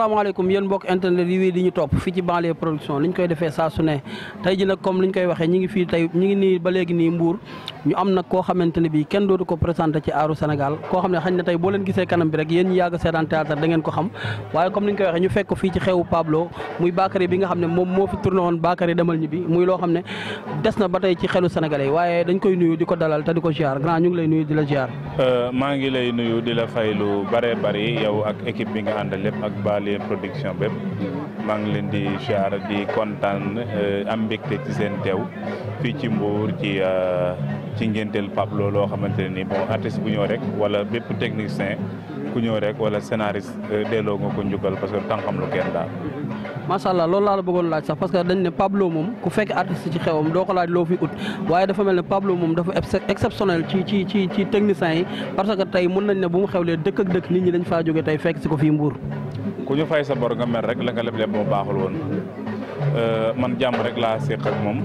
asalaamaaleykum yéen mbokk internet yi wii di ñu topp fii ci banlieue production li ñu koy defee saa tey ji nag comme koy waxee ñi ngi fii tey ñi ngi nii ba léegi nii mbuur ñu am nag koo xamante ne kenn dootu ko présenté ci aaru Sénégal koo xam ne xañ na tey boo leen gisee kanam bi rek yéen ñu yàgg seetaan théâtre da ngeen ko xam waaye comme ni ñu koy waxee ñu fekk fii ci xewu Pablo muy Bakary bi nga xam ne moom moo fi tourné woon Bakary demal ñi bi muy loo xam ne des na ba tey ci xelu sénégalais yi waaye dañ koy nuyu di ko dalal te di ko ziar grand ñu ngi lay nuyu di la ziar euh, maa ngi lay nuyu di la fay lu bare bari yow ak équipe bi nga àndal lépp atelier production bépp maa ngi leen di ziar di kontaan euh, am mbégte ci seen teew fii ci Mbour ci euh, ci ngénteel Pape Lo loo xamante ne ni bon artiste bu ñëw rek wala bépp technicien ku ñëw rek wala scénariste euh, delloo nga ko njukkal parce que tànkam lu kenn daal. macha allah loolu laa la bëggoon laaj sax parce que dañ ne Pablo moom ku fekk artiste ci xewam doo ko laaj loo fi ut waaye dafa mel ne Pablo moom dafa exceptionnel ci ci ci ci techniciens yi parce que tey mun nañ ne bu mu xewlee dëkk dëkk nit ñi dañ faa jóge tey fekk si fii ku ñu fay sa bor nga mer rek la nga leb leb moo baaxul woon euh, man jàmm rek laa séq ak moom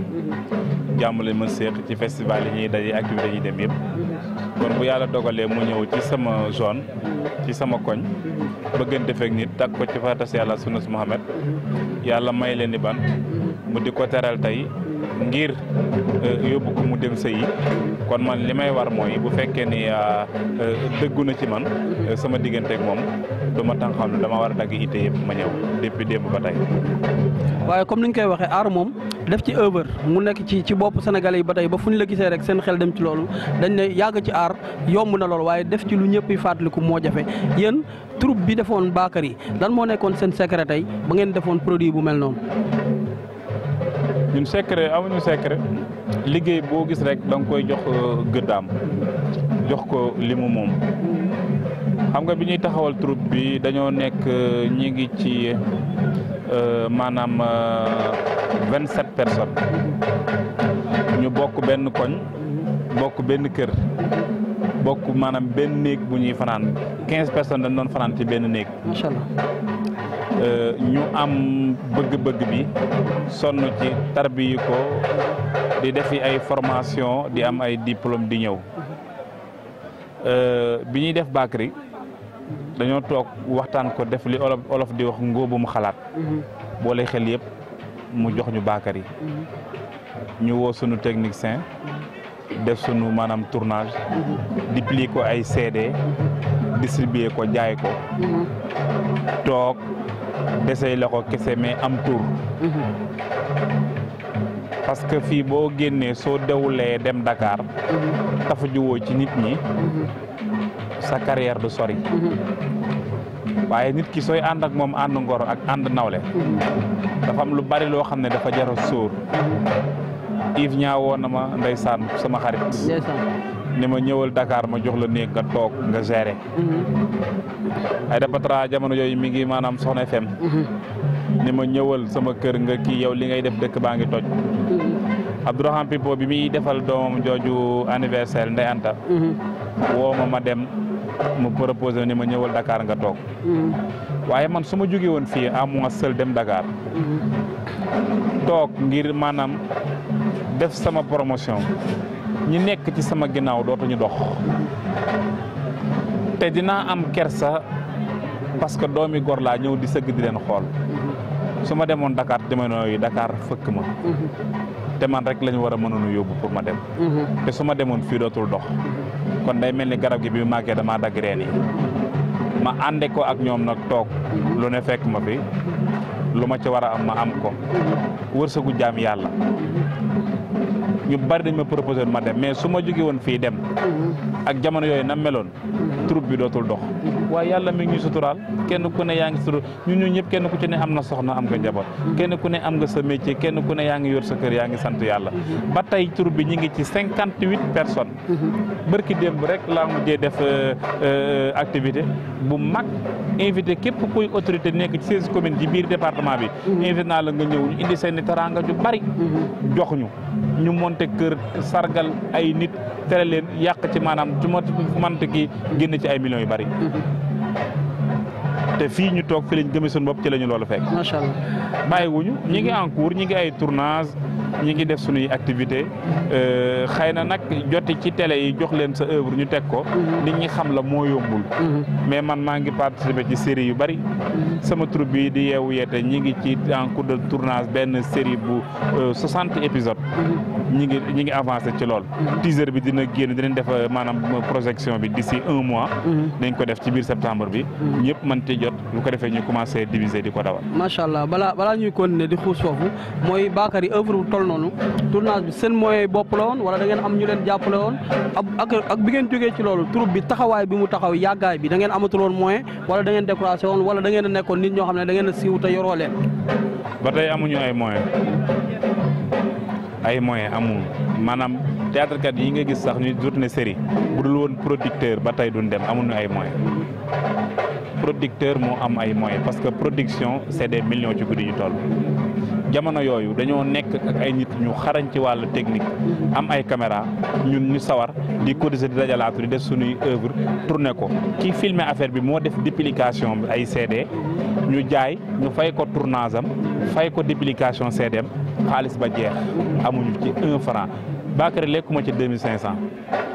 jàmm lañ ma séq ci festival yi ñuy daje activité yi dem yëpp kon bu yàlla dogalee mu ñëw ci sama zone ci sama koñ bëggante fekk nit tàgg ko ci faratas yàlla sunnas Muhammad yàlla may leen di ban mu di ko teral tey ngir euh, yóbbu ko mu dem sëyi kon man li may war mooy bu fekkee ni euh, euh, dëggu na ci man sama digganteeg moom du ma tànqam dama war a dagg ite yëpp ma ñëw depuis démb ba tey. waaye comme ni ñu koy waxee aar moom def ci œuvre mu nekk ci ci bopp sénégalais yi ba tey ba fu ñu la gisee rek seen xel dem ci loolu dañ ne yàgg ci aar yomb na loolu waaye def ci lu ñëpp yi fàttaliku moo jafe yéen troupe bi defoon yi lan moo nekkoon seen secret tey ba ngeen defoon produit bu mel noonu. ñun secret amuñu secret liggéey boo gis rek da koy jox euh, gëddaam jox ko limu moom xam nga bi ñuy taxawal troupe bi dañoo nekk euh, ñi ngi ci euh, maanaam vingt sept personnes ñu bokk benn koñ bokk benn kër bokk maanaam benn néeg bu ñuy fanaan quinze personnes dañ doon fanaan ci benn néeg. Euh, ñu am bëgg-bëgg bi sonn ci tarbiyu di defi ay formation di am ay diplôme di ñëw euh, bi ñuy def Bakri dañoo toog waxtaan ko def li olof olof di wax ngóobum xalaat mm-hmm. boole xel yëpp mu jox ñu Bakari mm-hmm. ñu woo sunu technicien def sunu maanaam tournage mm-hmm. duplier ko ay seede distribuer ko jaay ko toog desey loxo kese mais am tur parce que fii boo génnee soo dewulee dem Dakar tafu juwoo ci nit ñi sa carrière du sori waaye nit ki sooy ànd ak moom ànd ngor ak ànd nawle dafa am lu bari loo xam ne dafa jara sóor Yves ñaa woon na ma ndeysaan sama xarit ni ma ñëwal dakaar ma jox la néeg nga toog nga gérer. Mhm. Aïda Patra jamono yooyu mi ngi maanaam Soxna FM. Mhm. ni ma ñëwal sama kër nga kii yow li ngay def dëkk baa ngi toj. Mhm. Abdourahmane Pipo bi muy defal doomam jooju anniversaire Ndeye Anta. woo ma ma dem mu proposé ni ma ñëwal dakaar nga toog. waaye man su ma jógee woon fii à moi seul dem Dakar toog ngir maanaam def sama promotion ñi nekk ci sama ginnaaw dootuñu dox te dinaa am kersa parce que doomi gor laa ñëw di sëgg di leen xool su ma demoon Dakar jamono yi dakaar fëkk ma te man rek lañu war a mënoon yóbbu pour ma dem mhm. te su ma demoon fii dootul dox kon day mel ni garab gi bi màggee damaa dagg reen ma ànde ko ak ñoom nag toog lu ne fekk ma bi lu ma ci war a am ma am ko wërsëgu jaam yàlla ñu bari dañ ma proposé ma dem mais su ma jógee woon fii dem ak jamono yooyu na meloon troupe bi dootul dox waaye yàlla mi ngi ñu suturaal kenn ku ne yaa ngi sutur ñun ñu ñëpp kenn ku ci ne am na soxna am nga njaboot kenn ku ne am nga sa métier kenn ku ne yaa ngi yor sa kër yaa ngi sant yàlla ba tey troupe bi ñu ngi ci cinquante huit personnes bërki démb rek laa nga jee def euh, euh, activité bu mag invité képp koy autorité nekk ci seize commune ci biir département bi invité naa la nga ñëw indi say nit teraanga ju bari jox ñu ñu monte kër sargal ay nit tere leen yàq ci maanaam su ma mënti génn ci ay millions yu bari te fii ñu toog fi lañ gëmee bopp ci loolu fekk. macha allah bàyyiwuñu ñi ngi en cours ñi ngi ay tournage ñi ngi def suñuy activité euh, xëy na nag joti ci télé yi jox leen sa œuvre ñu teg ko mm-hmm. nit ñi xam la moo yombul mm-hmm. mais man maa ngi participé ci série yu bari mm-hmm. sama troupe bi di yeewu yeete ñi ngi ci en cours de tournage benn série bu euh, soixante épisode ñi ngi ñi ngi avancé ci lool teaser bi dina génn dinañ def euh, maanaam projection bi d'ici un mois dañ ko def ci biir septembre bi ñëpp mën te jot lu ko defee ñu commencé diviser di ko dawal macha allah balaa balaa ñuy loolu noonu tournage bi seen moyen yi bopp la wala da ngeen am ñu leen jàppale woon ak bi ngeen jógee ci loolu troupe bi taxawaay bi mu taxaw yàggaay bi da ngeen amatul woon moyen wala da ngeen décoration woon wala a nekkoon nit ñoo xam ne da ngeen a siiw te yoroo leen. ba tey amuñu ay moyen ay moyen amu maanaam théâtre kat yi nga gis sax ñuy tourner série bu dul woon producteur ba tey duñ dem amuñu ay moyen producteur moo am ay moyen parce que production c'est des millions ci guddi ñu toll. jamono yooyu dañoo nekk ak ay nit ñu xarañ ci wàllu technique am ay caméra ñun ñu sawar di cotiser di dajalaatu di def suñuy œuvre tourné ko ki filmé affaire bi moo def duplication bi ay CD ñu jaay ñu fay ko tournage am fay ko duplication CD am xaalis ba jeex amuñu ci un franc Bakary lekkuma ci deux mille cinq cent.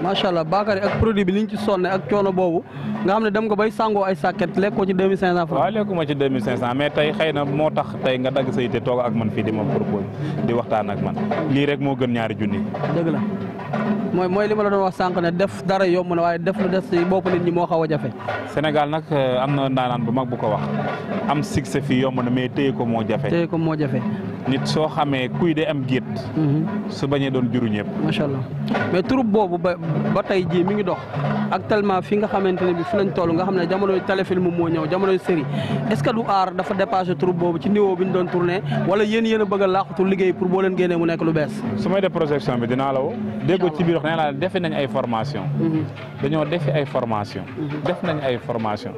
macha allah Bakary ak produit bi ni ñu ci sonne ak coono boobu nga xam ne dem nga bay sangoo ay sàkket lekkoo ci deux mille cinq cent francs. waaw lekkuma ci deux mille cinq cent mais tey xëy na moo tax tey nga dagg sa yite toog ak man fii di ma propose di waxtaan ak man lii rek moo gën ñaari junni. dëgg la mooy mooy li ma la doon wax sànq ne def dara yomb na waaye def lu des si bopp nit ñi moo xaw a jafe. Sénégal nag euh, am na ndaanaan bu mag bu ko wax am succès fii yomb na mais téye ko moo jafe. ko moo jafe nit soo xamee kuy day am géet mhm. su bañee doon juru ñëpp macha allah mais troupe boobu ba ba tey jii mu ngi dox actuellement fi nga xamante ne bi fi lañ toll nga xam ne jamonoy téléfilm moo ñëw jamonoy série est-ce que du aar dafa dépassé troupe boobu ci niveau bi ñu doon wala yéen yéen a bëgg liggéey pour boo leen nekk lu bees su may def projection bi dinaa la woo déggoo biir wax nee laa nañ ay formation mhm. dañoo defi ay formation mhm. def nañ ay formation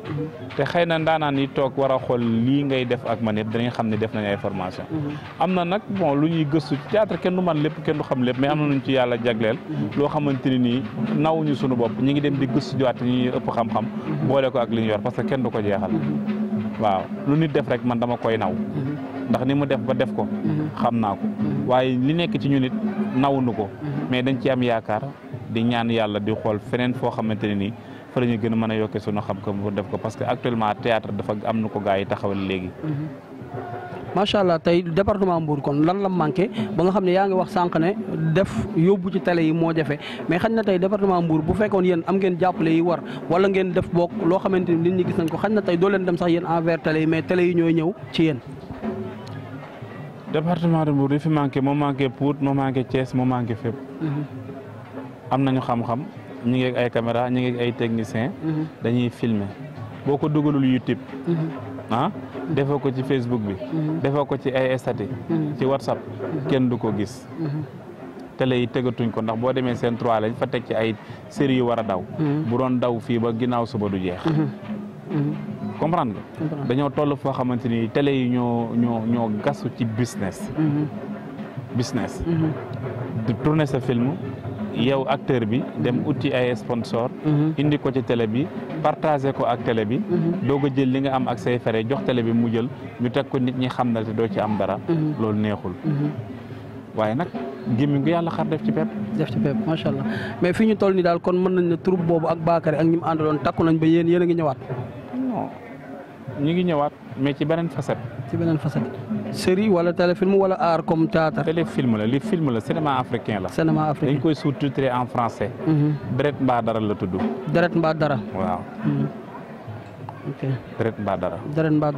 te xëy na ndaanaan yi toog war xool lii ngay def ak man yëpp danañ xam ne def nañ ay am na nag bon lu ñuy gëstu théâtre kenn du man lépp kenn du xam lépp mais am nañu ci yàlla jagleel loo xamante ni nii nawuñu suñu bopp ñi ngi dem di gëstu jiwaat ñi ëpp xam-xam boole ko ak li ñu yor parce que kenn du ko jeexal waaw lu nit def rek man dama koy naw ndax ni mu def ba def ko xam naa ko waaye li nekk ci ñu nit nawuñu ko mais dañ ci am yaakaar di ñaan yàlla di xool feneen foo xamante ne nii fa la ñu gën mën a yokkee suñu xam-xam pour def ko parce que actuellement théâtre dafa am na ko gars yi taxawal léegi macha allah tey département Mbour kon lan la manqué ba nga xam ne yaa ngi wax sànq ne def yóbbu ci télé yi moo jafe mais xañ na tey département Mbour bu fekkoon yéen am ngeen jàppale yi war wala ngeen def boog loo xamante ni nit ñi gis nañ ko xañ na tey dooleen dem sax yéen envers télé yi mais télé yi ñooy ñëw ci yéen. département de Mbour li fi manqué moo manqué Pout moo manqué Thiès moo manqué fépp. Mm-hmm. am nañu xam-xam ñu ngi ay caméra ñu ngi ay technicien mm-hmm. dañuy filmer boo ko dugalul ah defoo ko ci Facebook bi mhm. defoo ko ci ay statut mhm. ci WhatsApp mhm. kenn du ko gis tele yi tegatuñ ko ndax boo demee seen trois lañ fa teg ci ay série yu war a daw bu doon daw fii ba ginnaaw suba du jeex comprend dañoo toll foo xamante ni télé yi ñoo ñoo ñoo gasu ci business business di sa film yow acteur bi dem utti ay sponsor mhm. indi ko ci télé bi partagé ko ak télé bi mhm. doog a jël li nga am ak say fere jox télé bi mu jël ñu teg ko nit ñi xam na te doo ci am dara mhm. loolu neexul waaye nag gémmiñ gu yàlla xar def ci pepp def ci macha allah mais fi ñu toll nii daal kon mën nañ ne troupe boobu ak Bakary ak ñi mu àndaloon takku nañ ba yéen yéen a ngi ñëwaat ñu ngi ñëwaat mais ci beneen facette ci beneen facette série wala téléfilm ou art comme théâtre. téléfilm Le film le cinéma africain là. cinéma africain koy sous-titré en français. Mhm. Dret Mbadara le tout doux. Deret Mbadara. dara. ok deret mbaa dara. deret mbaa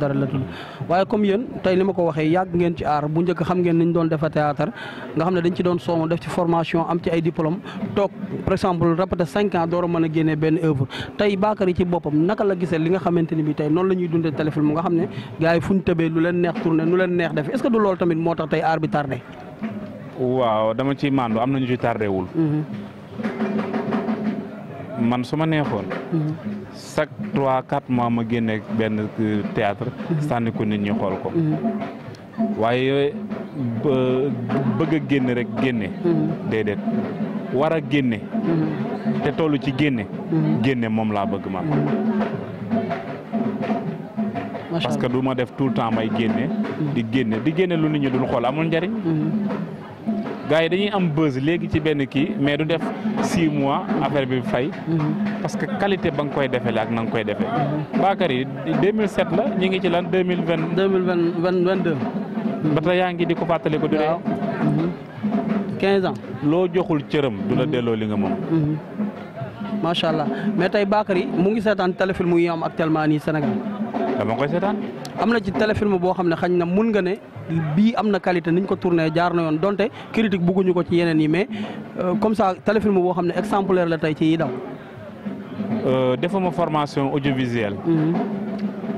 waaye comme yéen tey li ma ko waxee yàgg ngeen ci aar bu njëkk xam ngeen ni ñu doon defee théâtre nga xam ne dañ ci doon sooma def ci formation am ci ay diplôme toog par exemple répété cinq ans door a mën a génnee benn œuvre tey Bakary ci boppam naka la gisee li nga xamante ni bi tey noonu la ñuy dundee téléfilm nga xam ne gars yi fu ñu tëbee lu leen neex tourné lu leen neex def est-ce que du loolu tamit moo tax tey aar bi tardé. waaw dama am na ñu ci tardé wul. Mm-hmm. man su ma neexoon. Mm-hmm. chaque trois quatre mois ma génne benn théâtre sànni ko nit ñi xool ko mm-hmm. waaye bëgg a génne rek génne mm-hmm. déedéet war a génne mm-hmm. te toll ci génne génne moom laa bëgg ma parce que du ma def tout le temps may génne di génne di génne lu nit ñi duñ xool amul njariñ gars yi dañuy am buzz léegi ci benn kii mais du def six mois affaire bi fay. Mhm. parce que qualité ba nga koy defee la ak na nga koy defee. Mhm. Bakary 2007 la ñu ngi ci lan 2020. 2022. ba tey yaa ngi di ko fàttali ko. waaw 15 loo joxul cëram. du la mhm. delloo li nga moom. macha allah mais tey Bakary mu ngi seetaan téléfilm mu am actuellement nii Sénégal. dama koy seetaan. am na ci téléfilm boo xam ne xañ na mun nga ne bii am na qualité niñ ko tourné jaar na yoon donte critique bugguñu ko ci yeneen yi mais euh, comme ça téléfilm boo xam ne exemple la tey ci yi daw. Euh, defuma formation audiovisuelle. Mm-hmm.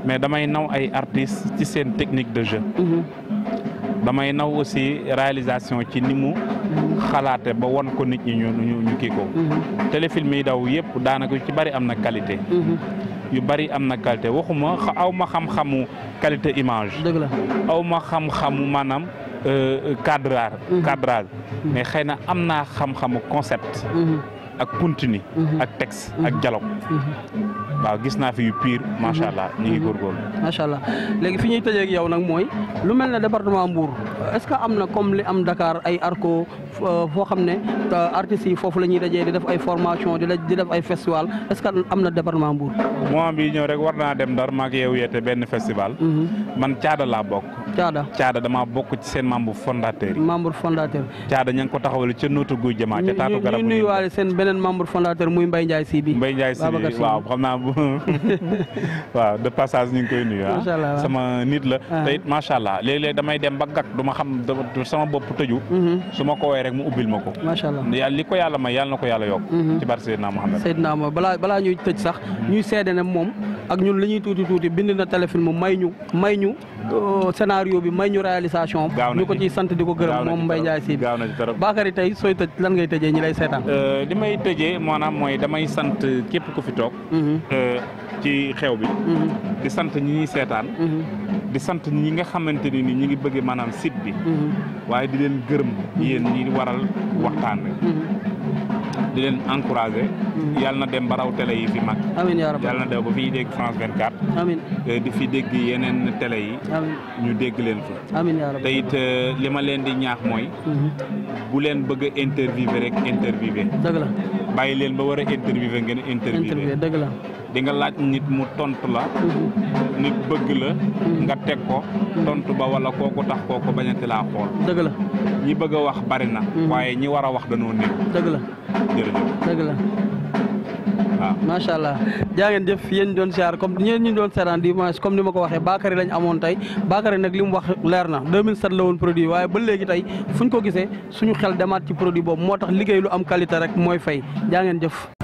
mais damay naw ay artistes ci seen technique de jeu. Mm-hmm. damay naw aussi réalisation ci ni mu mm-hmm. xalaate ba won ko nit ñi ñu ñu kii ko. téléfilm yi daw yëpp daanaka ci bari am na qualité. yu bari amna qualité waxuma aw xam-xamu qualité image. dëgg la aw xam-xamu maanaam euh, cadrage. Mhm. cadrage mhm. mais xeyna amna xam-xamu concept. Mhm. ak contenu. ak texte ak dialogue. waaw gis naa fi yu pire macha mhm. allah ñu ngi góorgóorlu. Mhm. macha allah léegi fi ñuy tëjee ak yow nag mooy lu mel ne département Mbour est-ce que am na comme li am Dakar ay arco euh, foo xam ne artistes yi foofu la ñuy dajee di def ay formation di def ay festival est-ce que am na département Mbour. mois bi ñëw rek war naa dem dar maak yow yeete benn festival. Mhm. man caada laa bokk. Caada Caada damaa bokk ci seen membre fondateur yi. membre fondateur. Caada ña ngi ko taxawal ca guy jamaa ca taatu seen beneen membre fondateur muy waaw xam naa de passage ñu ngi koy nuyu ah. sama nit la. Ah. te it allah léeg-léeg damay dem ba gàkk du ma xam sama bopp tëju. Mhm. su ma ko rek mu ubbil ma ko. macha li ko yàlla may yàlla na ko yàlla yokk. Mhm. ci barke Seydina Mohamed. Seydina Mohamed balaa balaa ñuy tëj sax mhm. ñuy seede ne moom ak ñun li tuuti tuuti bind na téléfilm may may ñu oh, scénario scénario bi may ñu réalisation ñu ko ciy sant di ko gërëm moom Mbaye Ndiaye Sy Bakary tey sooy tëj lan ngay tëjee ñi lay seetaan euh, li may tëjee maanaam mooy damay sant képp ku fi toog mm-hmm. euh, ci xew bi mm-hmm. di sant ñi ñuy seetaan mm-hmm. di sant ñi nga xamante ni ñi ngi bëggee maanaam site bi waaye di leen gërëm yéen ñi waral waxtaan bi di leen encouragé mm. yàlla na dem ba raw télé yi fi mag amiin yaa rabbi yàlla na dem ba fiy dégg France 24 amiin di fi dégg yeneen tele yi ñu dégg leen fa amiin yaa rabbi te euh, li ma leen di ñaax mooy mm-hmm. bu leen bëgg a interviewé rek interviewé dëgg la bàyyi leen ba war a interview ngeen interview dëgg la di nga laaj nit mu tont la mhm. nit bëgg la mhm. nga teg ko tont ba wala kooku tax kooku bañati laa xool dëgg la ñi bëgg a wax bari na mhm. waaye ñi war a wax danoo nekk dëgg la jërëjëf dëgg la macha allah jaa ngeen jëf yéen doon siyaar comme ñeen ñu doon seetaan dimanche comme ni ma ko waxee Bakary lañ amoon tey Bakary nag li wax leer na 2007 la woon produit waaye ba léegi tey fu ñu ko gisee suñu xel demaat ci produit boobu moo tax liggéey lu am qualité rek mooy fay jaa ngeen jëf